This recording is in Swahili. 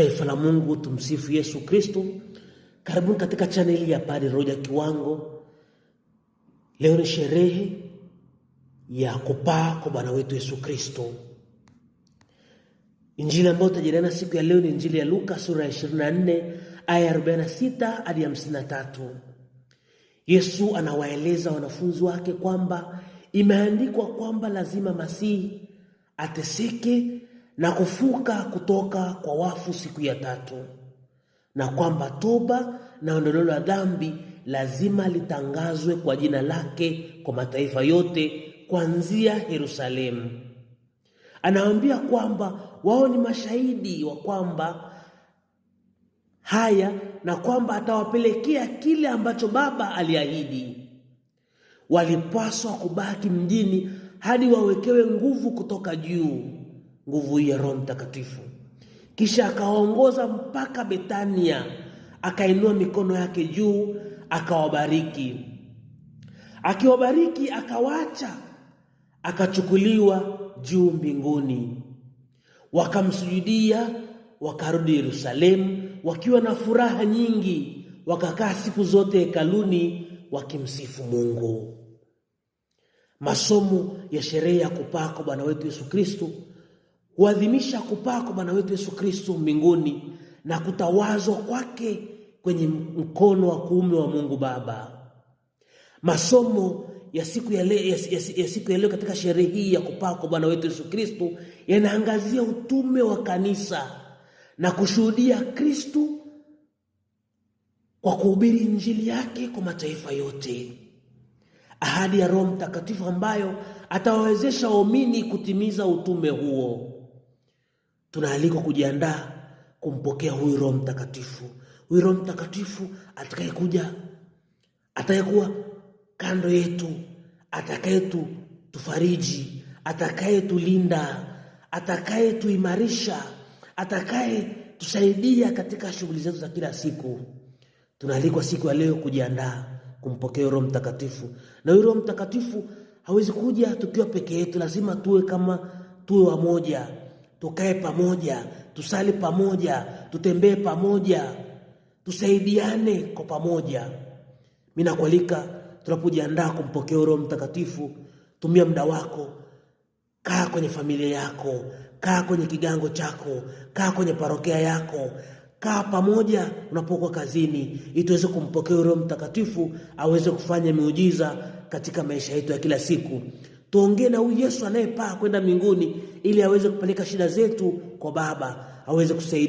Taifa la Mungu, tumsifu Yesu Kristo. Karibuni katika chaneli ya Padre Roger Kiwango. Leo ni sherehe ya kupaa kwa Bwana wetu Yesu Kristo. Injili ambayo tutajadiliana siku ya leo ni Injili ya Luka sura ya 24 aya 46 hadi 53. Yesu anawaeleza wanafunzi wake kwamba imeandikwa kwamba lazima Masihi ateseke na kufuka kutoka kwa wafu siku ya tatu, na kwamba toba na ondoleo la dhambi lazima litangazwe kwa jina lake kwa mataifa yote kuanzia Yerusalemu. Anawaambia kwamba wao ni mashahidi wa kwamba haya na kwamba atawapelekea kile ambacho Baba aliahidi. Walipaswa kubaki mjini hadi wawekewe nguvu kutoka juu nguvu hii ya Roho Mtakatifu. Kisha akawaongoza mpaka Betania, akainua mikono yake juu akawabariki. Akiwabariki akawacha, akachukuliwa juu mbinguni. Wakamsujudia, wakarudi Yerusalemu wakiwa na furaha nyingi, wakakaa siku zote hekaluni wakimsifu Mungu. Masomo ya sherehe ya kupako Bwana wetu Yesu kristo huadhimisha kupaa kwa Bwana wetu Yesu Kristo mbinguni na kutawazwa kwake kwenye mkono wa kuume wa Mungu Baba. Masomo ya siku ya leo, ya, ya, ya siku ya leo katika sherehe hii ya kupaa kwa Bwana wetu Yesu Kristo yanaangazia utume wa kanisa na kushuhudia Kristo kwa kuhubiri Injili yake kwa mataifa yote, ahadi ya Roho Mtakatifu ambayo atawawezesha waumini kutimiza utume huo tunaalikwa kujiandaa kumpokea huyu Roho Mtakatifu, huyu Roho Mtakatifu atakayekuja, atakayekuwa kando yetu, atakayetu tufariji, atakayetulinda, atakayetuimarisha, atakayetusaidia katika shughuli zetu za kila siku. Tunaalikwa siku ya leo kujiandaa kumpokea Roho Mtakatifu, na huyu Roho Mtakatifu hawezi kuja tukiwa peke yetu, lazima tuwe kama tuwe wamoja tukae pamoja, tusali pamoja, tutembee pamoja, tusaidiane kwa pamoja. Mimi nakualika tunapojiandaa kumpokea Roho Mtakatifu, tumia muda wako, kaa kwenye familia yako, kaa kwenye kigango chako, kaa kwenye parokia yako, kaa pamoja unapokuwa kazini, ili tuweze kumpokea Roho Mtakatifu aweze kufanya miujiza katika maisha yetu ya kila siku tuongee na huyu Yesu anayepaa kwenda mbinguni, ili aweze kupeleka shida zetu kwa Baba, aweze kusaidia.